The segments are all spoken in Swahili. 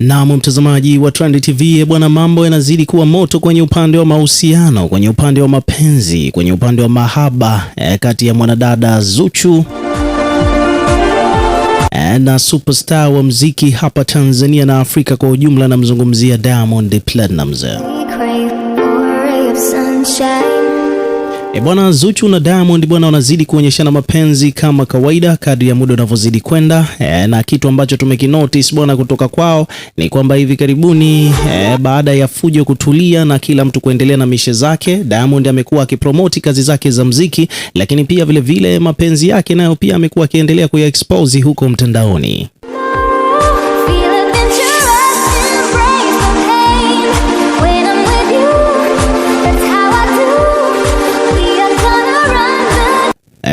Naam, mtazamaji wa Trend TV, eh, bwana, mambo yanazidi kuwa moto kwenye upande wa mahusiano, kwenye upande wa mapenzi, kwenye upande wa mahaba eh, kati ya mwanadada Zuchu eh, na superstar wa mziki hapa Tanzania na Afrika kwa ujumla, namzungumzia Diamond Platnumz. E bwana, Zuchu na Diamond bwana wanazidi kuonyeshana mapenzi kama kawaida kadri ya muda unavyozidi kwenda e, na kitu ambacho tumekinotice bwana kutoka kwao ni kwamba hivi karibuni e, baada ya fujo kutulia na kila mtu kuendelea na mishe zake, Diamond amekuwa akipromoti kazi zake za mziki, lakini pia vilevile vile mapenzi yake nayo pia amekuwa akiendelea kuyaexpose huko mtandaoni.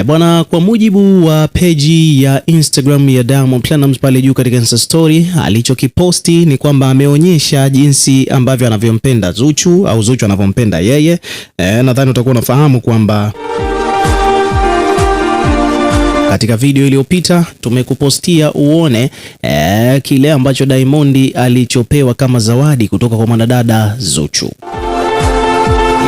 bwana, kwa mujibu wa peji ya Instagram ya Diamond Platnumz pale juu katika Insta story alichokiposti ni kwamba ameonyesha jinsi ambavyo anavyompenda Zuchu au Zuchu anavyompenda yeye. E, nadhani utakuwa unafahamu kwamba katika video iliyopita tumekupostia uone e, kile ambacho Diamond alichopewa kama zawadi kutoka kwa mwanadada Zuchu.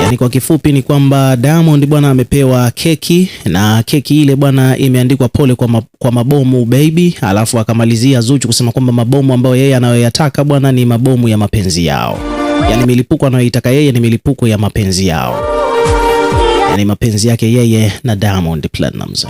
Yaani kwa kifupi ni kwamba Diamond bwana amepewa keki na keki ile bwana imeandikwa pole kwa, ma, kwa mabomu baby, alafu akamalizia Zuchu kusema kwamba mabomu ambayo yeye anayoyataka bwana ni mabomu ya mapenzi yao, yaani milipuko anayoitaka yeye ni milipuko ya mapenzi yao, yaani mapenzi yake yeye na Diamond Platnumz.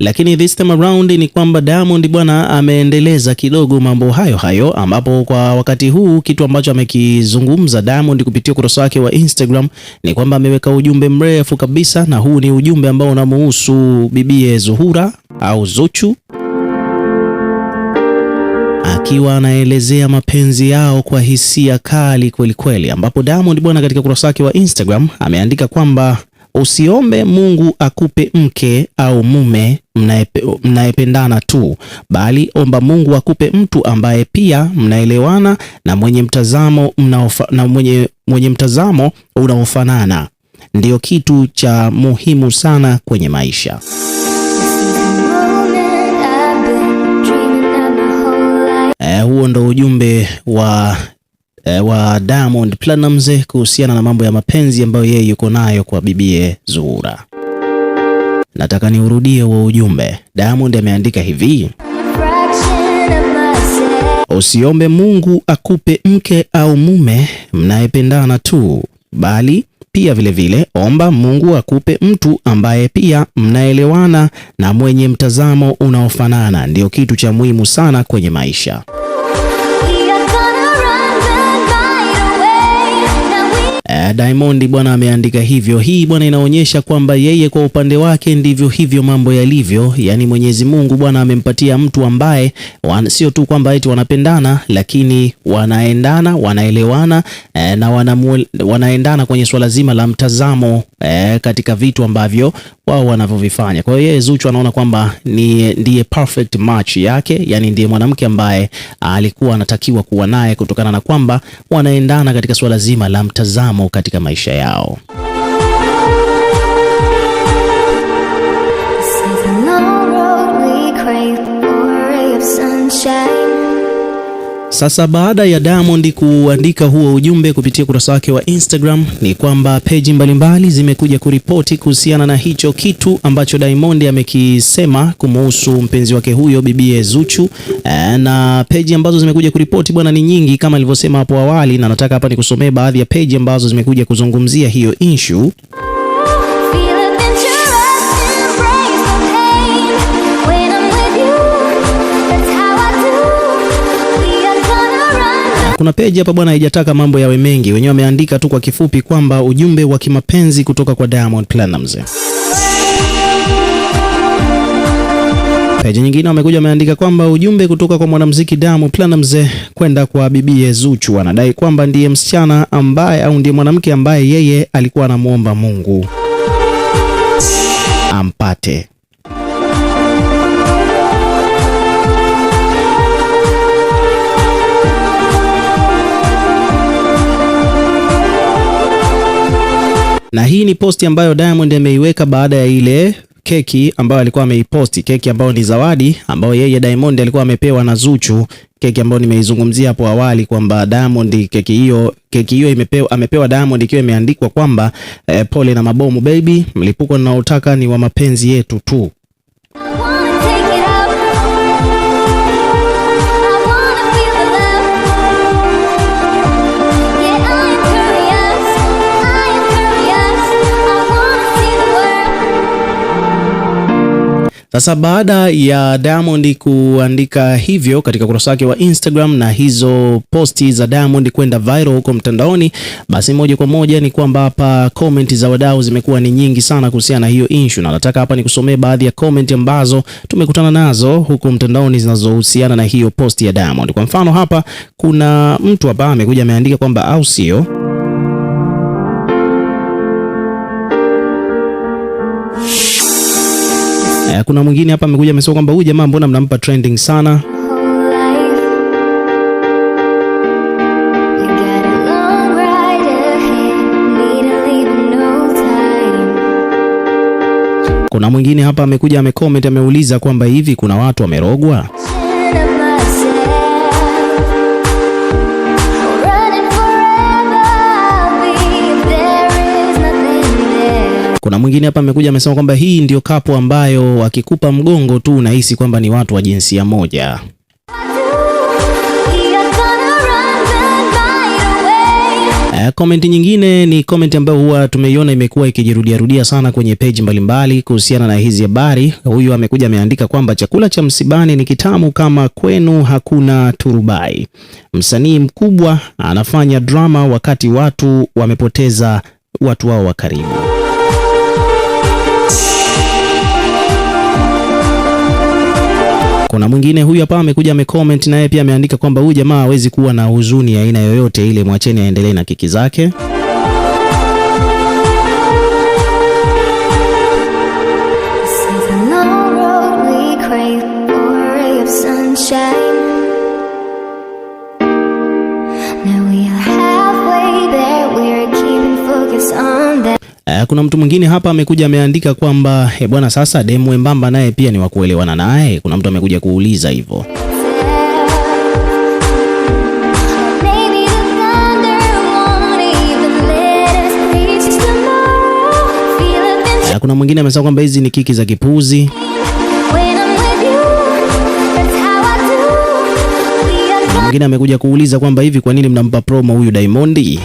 lakini this time around ni kwamba Diamond bwana ameendeleza kidogo mambo hayo hayo, ambapo kwa wakati huu kitu ambacho amekizungumza Diamond kupitia ukurasa wake wa Instagram ni kwamba ameweka ujumbe mrefu kabisa, na huu ni ujumbe ambao unamuhusu bibie Zuhura au Zuchu akiwa anaelezea mapenzi yao kwa hisia kali kwelikweli, ambapo Diamond bwana katika ukurasa wake wa Instagram ameandika kwamba Usiombe Mungu akupe mke au mume mnayependana tu, bali omba Mungu akupe mtu ambaye pia mnaelewana na mwenye mtazamo mnaofa, na mwenye, mwenye mtazamo unaofanana. ndio kitu cha muhimu sana kwenye maisha. Eh, huo ndo ujumbe wa e, wa Diamond Platnumz kuhusiana na mambo ya mapenzi ambayo yeye yuko nayo kwa bibie Zuhura. Nataka niurudie wa ujumbe. Diamond ameandika hivi: usiombe Mungu akupe mke au mume mnayependana tu, bali pia vilevile vile, omba Mungu akupe mtu ambaye pia mnaelewana na mwenye mtazamo unaofanana. Ndiyo kitu cha muhimu sana kwenye maisha. Diamond bwana ameandika hivyo. Hii bwana inaonyesha kwamba yeye kwa upande wake ndivyo hivyo mambo yalivyo, yaani Mwenyezi Mungu bwana amempatia mtu ambaye sio tu kwamba eti wanapendana, lakini wanaendana, wanaelewana e, na wanamuel, wanaendana kwenye swala zima la mtazamo e, katika vitu ambavyo wao wanavyovifanya. Kwa hiyo yeye Zuchu anaona kwamba ni ndiye perfect match yake, yani ndiye mwanamke ambaye alikuwa anatakiwa kuwa naye kutokana na kwamba wanaendana katika swala zima la mtazamo katika maisha yao. Sasa baada ya Diamond kuandika huo ujumbe kupitia ukurasa wake wa Instagram, ni kwamba peji mbalimbali zimekuja kuripoti kuhusiana na hicho kitu ambacho Diamond amekisema kumuhusu mpenzi wake huyo bibie Zuchu. Eh, na peji ambazo zimekuja kuripoti bwana ni nyingi kama alivyosema hapo awali, na nataka hapa nikusomee baadhi ya peji ambazo zimekuja kuzungumzia hiyo issue. kuna peji hapa bwana, haijataka mambo yawe mengi, wenyewe wameandika tu kwa kifupi kwamba ujumbe wa kimapenzi kutoka kwa Diamond Platnumz. Peji nyingine wamekuja wameandika kwamba ujumbe kutoka kwa mwanamuziki Diamond Platnumz kwenda kwa bibie Zuchu, anadai kwamba ndiye msichana ambaye au ndiye mwanamke ambaye yeye alikuwa anamwomba Mungu ampate. na hii ni posti ambayo Diamond ameiweka baada ya ile keki ambayo alikuwa ameiposti, keki ambayo ni zawadi ambayo yeye Diamond alikuwa amepewa na Zuchu, keki ambayo nimeizungumzia hapo awali kwamba Diamond keki hiyo keki hiyo imepewa amepewa Diamond ikiwa imeandikwa kwamba eh, pole na mabomu baby, mlipuko utaka ni wa mapenzi yetu tu. Sasa baada ya Diamond kuandika hivyo katika ukurasa wake wa Instagram na hizo posti za Diamond kwenda viral huko mtandaoni, basi moja kwa moja ni kwamba hapa comment za wadau zimekuwa ni nyingi sana kuhusiana na hiyo issue, na nataka hapa nikusomee baadhi ya comment ambazo tumekutana nazo huko mtandaoni zinazohusiana na hiyo posti ya Diamond. Kwa mfano hapa kuna mtu hapa amekuja ameandika kwamba au sio Eh, kuna mwingine hapa amekuja amesema kwamba huyu jamaa mbona mnampa trending sana? Kuna mwingine hapa amekuja amecomment ameuliza kwamba hivi kuna watu wamerogwa? Kuna mwingine hapa amekuja amesema kwamba hii ndio kapu ambayo wakikupa mgongo tu unahisi kwamba ni watu wa jinsia moja. Komenti eh, nyingine ni komenti ambayo huwa tumeiona imekuwa ikijirudiarudia sana kwenye peji mbalimbali kuhusiana na hizi habari. Huyu amekuja ameandika kwamba chakula cha msibani ni kitamu kama kwenu hakuna turubai. Msanii mkubwa anafanya drama wakati watu wamepoteza watu wao wa karibu. na mwingine huyu hapa amekuja amecomment, naye pia ameandika kwamba huyu jamaa hawezi kuwa na huzuni aina yoyote ile, mwacheni aendelee na kiki zake. Haya, kuna mtu mwingine hapa amekuja ameandika kwamba e, bwana sasa demu mwembamba naye pia ni wa kuelewana naye. Kuna mtu amekuja kuuliza hivyo. Kuna mwingine amesema kwamba hizi ni kiki za kipuzi. Mwingine amekuja kuuliza kwamba hivi kwa nini mnampa promo huyu Diamondi?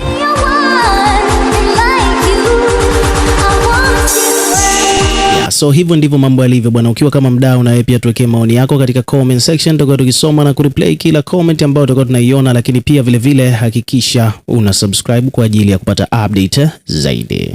so hivyo ndivyo mambo yalivyo bwana. Ukiwa kama mdau, na wewe pia tuwekee maoni yako katika comment section, tutakuwa tukisoma na kureplay kila comment ambayo tutakuwa tunaiona, lakini pia vilevile vile, hakikisha una subscribe kwa ajili ya kupata update zaidi.